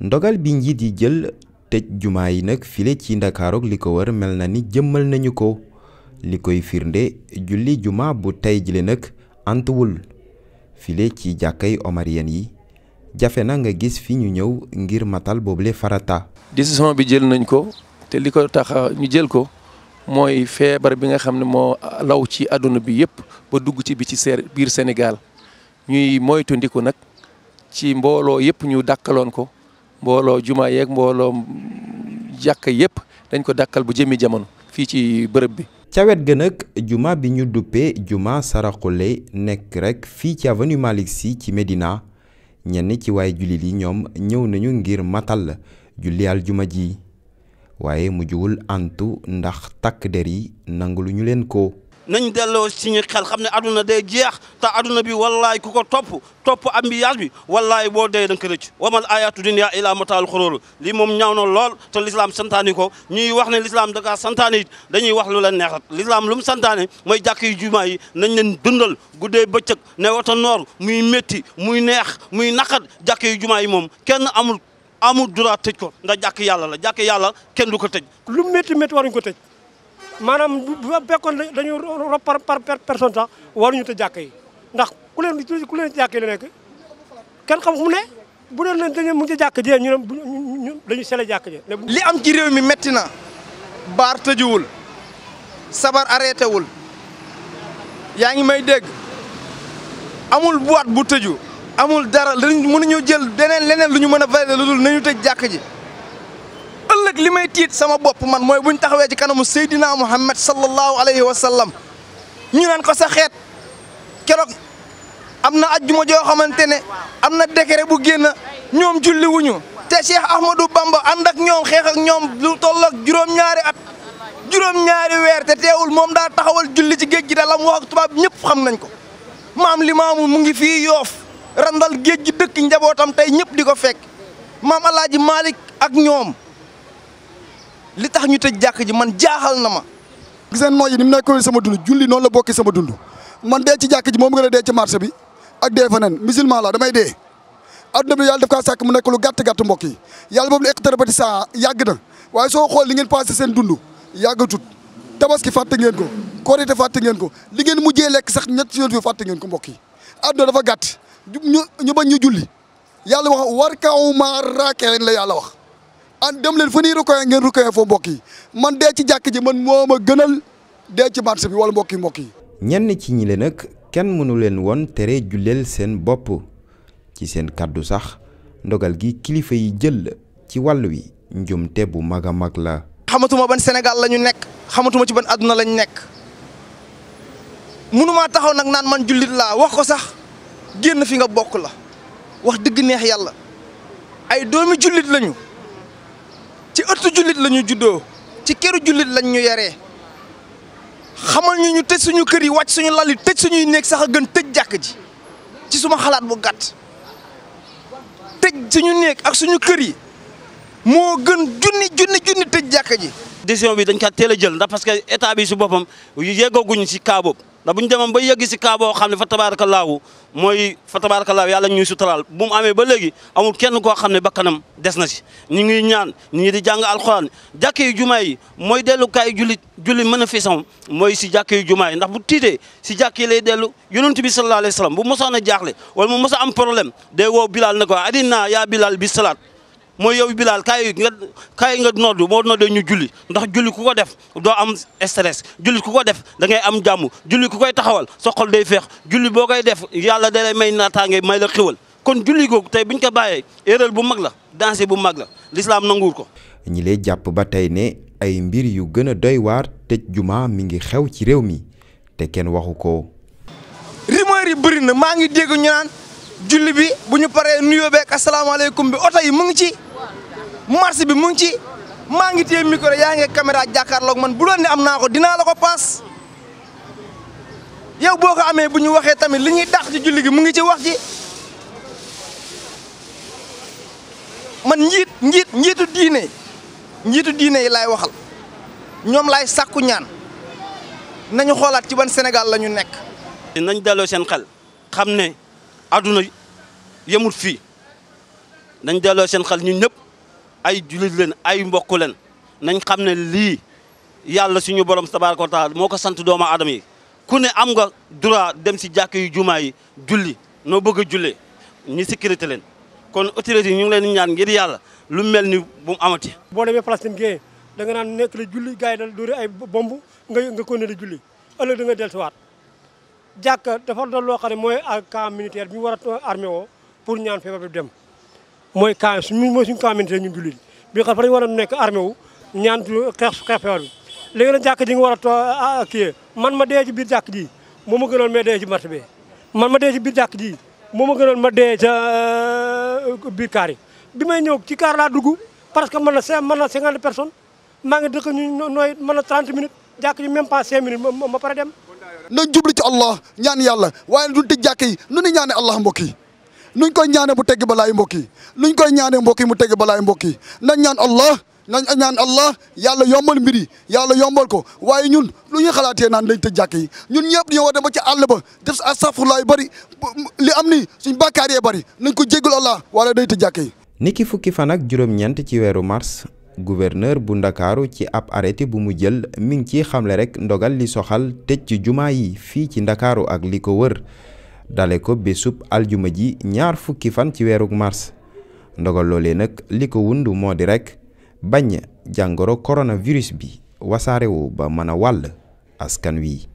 ndogal bi njiit di jël tej jumaa yi nag file ci ndakaarook li ko wër mel na ni jëmmal nañu ko li koy firnde julli jumaa bu tey jile nag antuwul file ci jàkkay omarien yi jafe na nga gis fi ñu ñëw ngir matal boble farata décision bi jël nañ ko te li ko tax ñu jël ko mooy feebar bi nga xam ne moo law ci àdduna bi yépp ba dugg ci bi ci lo biir Sénégal ñuy moytu nag ci mbooloo yépp ñu dàkkaloon ko mbooloo juma yeeg mbooloo jàkk yëpp dañ ko dàkkal bu jëmi jamono fii ci bëréb bi. ca wet ga nag juma bi ñu duppee juma Saraxule nekk rek fii ci avenue Malick Sy ci Medina ñenn ci waaye jullit yi ñoom ñëw nañu ngir matal la julli aljuma ji waaye mujjuwul antu ndax takk der yi nangu lu ñu leen ko. nañ delo ci ñu xel xamne aduna day jeex ta aduna bi wallahi kuko top top ambiance bi wallahi bo day da ko rëcc wamal ayatu dunya ila mataal xuróor lii moom ñaaw na lool te l'islam santani ko ñuy wax ne l'islam da ka santani dañuy wax lu la neexat l'islam lu santani moy jàkk yu juma yi nañ leen dundal gude bëccëg ne wata nor muy métti muy neex muy nakat jàkk yu juma yi mom kenn amul amul droit tejj ko nda jàkk yàlla la jàkk yàlla kenn du ko tejj lu métti métti waruñ ko tejj maanaam bu fekkoon dañu rob par par personne sax waruñu te jàkk yi ndax ku leen ku leen jàkk la nekk kenn xam mu ne bu doon leen dañu mujj jàkk jee ñu ne dañu sele jàkk jee li am ci réew mi metti na baar tëjuwul sabar arrêté wul yaa ngi may dégg amul boîte bu tëju amul dara mënuñu jël deneen leneen lu ñu mën a valider lu dul nañu tëj jàkk ji ëllëg limay tiit sama bop man moy buñ taxawé ci kanamu Seydina Muhammad sallallahu alayhi wa sallam ñu nan ko sa xeet kérok amna aljuma jo xamantene amna décret bu génn ñom julli wuñu té Cheikh Ahmadou Bamba and ak ñom xeex ak ñom lu toll ak juróom-ñaari at juroom ñaari wër té téwul mom da taxawal julli ci géej gi daal la wax tubab tubaab ñëpp xam nañ ko mam limamu mu ngi fi yoof randal géej gi dëkk njabotam tay ñëpp di fekk mam Alaaji Malik ak ñom li tax ñu tëj jàkk ji man jaaxal na ma. gis ngeen nooy yi ni mu nekkoon sama dund julli noonu la bokkee sama dund man dee ci jàkk ji moom gën a dee ci marché bi ak dee fa la damay dee. adduna bi yàlla daf kaa sàkk mu nekk lu gàtt gàtt mbokk yi yàlla boobu la iqtarabati saa yàgg na waaye soo xool li ngeen passé seen dund yàggatut tabaski fàtte ngeen ko korite fàtte ngeen ko li ngeen mujjee lekk sax ñett si yoon fàtte ngeen ko mbokk yi adduna dafa gàtt ñu ñu bañ ñu julli yàlla wax war kaw maa raakee la yàlla wax an dem leen fa ñuy rukoyee ngeen rukoyee fa mbokk man dee ci jàkk ji man moo ma gënal dee ci marché bi wala mbokk yi mbokk yi. ñenn ci ñi le nag kenn mënu leen woon tere julleel seen bopp ci seen kàddu sax ndogal gi kilifa yi jël ci wàll wi njumte bu mag a mag la. xamatuma ban senegal la ñu nekk xamatuma ci ban àdduna lañu nekk mënumaa taxaw nag naan man jullit laa wax ko sax génn fi nga bokk la wax dëgg neex yàlla ay doomi jullit lañu. ci ëttu jullit la ñu juddoo ci kër jullit lañ ñu yaree xamal ñu ñu tëj suñu kër yi wàcc suñu lal yi tëj suñuy néeg sax a gën tëj jàkk ji ci suma xalaat bu gàtt tëj suñu néeg ak suñu kër yi moo gën junni junni junni tëj jàkka ji. décision bi dañ ka teel a jël ndax parce que état bi su boppam yeggaguñ si kaabo boobu ndax bu ñu ba yegg si kaabo boo xam ne fa tabaarakallaahu mooy fa tabaarakallaahu yàlla ñuy suturaal bu mu amee ba léegi amul kenn koo xam ne bakkanam des na si ñu ngi ñaan ñu ngi di jàng alxuraan jàkka yu jumaa yi mooy dellukaay julli julli mën a mooy si jàkka yu jumaa yi ndax bu tiitee si jàkk yi lay dellu yonent bi sallallahu alayhi wa sallam bu mosaan a jaaxle wala mu mos a am problème day woo na ko adina yaa Bilal bi mooy yow bilaal kaay nga kaay nga noddu moo noddee ñu julli ndax julli ku ko def doo am stress julli ku ko def dangay am jàmm julli ku koy taxawal soxol day feex julli boo koy def yàlla da may naataange may la xiwal kon julli googu tey buñ ko bàyyee erreur bu mag la danger bu mag la lislaam nanguwul ko. ñi lay jàpp ba tey ne ay mbir yu gën a doy waar te jumaa mi ngi xew ci réew mi te kenn waxu ko. rumeur yi bëri na maa ngi dégg ñu naan julli bi bu ñu paree nuyoo ci. marché bi mu ngi ci maa ngi téye micro ya nga caméra lok man bu do ne amna ko dina la ko pass yow boko amé bu ñu tamit li ñuy ci julli gi mu ngi ci wax ji man njit njit njitu diiné njitu diiné lay waxal ñom lay sakku ñaan nañu xolaat ci ban Sénégal lañu nañ dalo sen xel xamné ne yamul fi nañ dalo sen xel ñun ñëpp. ay julit leen ay mbokk leen nañ xam ne lii yàlla suñu borom tabaaraka wa taala moo ko sant doomu adama yi ku ne am nga droit dem si jàkk yu jumaa yi julli noo bëgg a jullee ñu sécurité leen kon autorité yi ñu ngi leen ñaan ngir yàlla lu mel ni bu mu amati. boo demee Palestine gée da nga naan nekk la julli gars yi dal dóore ay bomb nga nga ko ne la julli ëllëg da nga dellusiwaat jàkk dafa doon loo xam ne mooy a militaire bi ñu war a armé woo pour ñaan feebar bi dem. moy kaa suñu mooy suñu kaamante ñun julit bi xam fa dañu war armé wu ñaan xex xeex feebar bi léegi nag jàkk ji nga war a kiyee man ma dé ci bir jakk ji moo gënal më dé ci marché bi man ma dé ci bir jakk ji moo gënal ma dé ci bir kaar bi may ñëw ci kaar la duggu parce que man la cinq mën na cinquante personnes ma nga dëkk ñu noy man la 30 minutes jakk ji même pas 5 minutes ma para dem na jublu ci allah ñaan yalla waye duñ ti jakk yi nu ni ñaane allah mbokk nuñ koy ñaane mu tegg balaay mbokk yi nuñ koy ñaane mbokk yi mu tegg balaay mbokk yi nañ ñaan allah nañ ñaan allah yàlla yombal mbir yi yàlla yombal ko waaye ñun lu ñuy xalaatee naan lañ tëj jàkk yi ñun ñëpp ñoo war dem ba ci àll ba def astaghfirullah yu bari li am ni suñ bàkkaar yee bari nañ ko jéggul allah wala day tëj jàkk yi ki fukki fan ak juróom-ñeent ci weeru mars gouverneur bu ndakaaru ci ab arrêté bu mu jël mi ngi ciy xamle rek ndogal li soxal tëj ci jumaa yi fii ci ndakaaru ak li ko wër dale ko bésub aljuma ji ñaar fukki fan ci weerug mars ndogal loolee nag li ko wund moo di rekk bañ jàngoro korona coronavirus bi wasaarewu ba mëna a wàll askan wi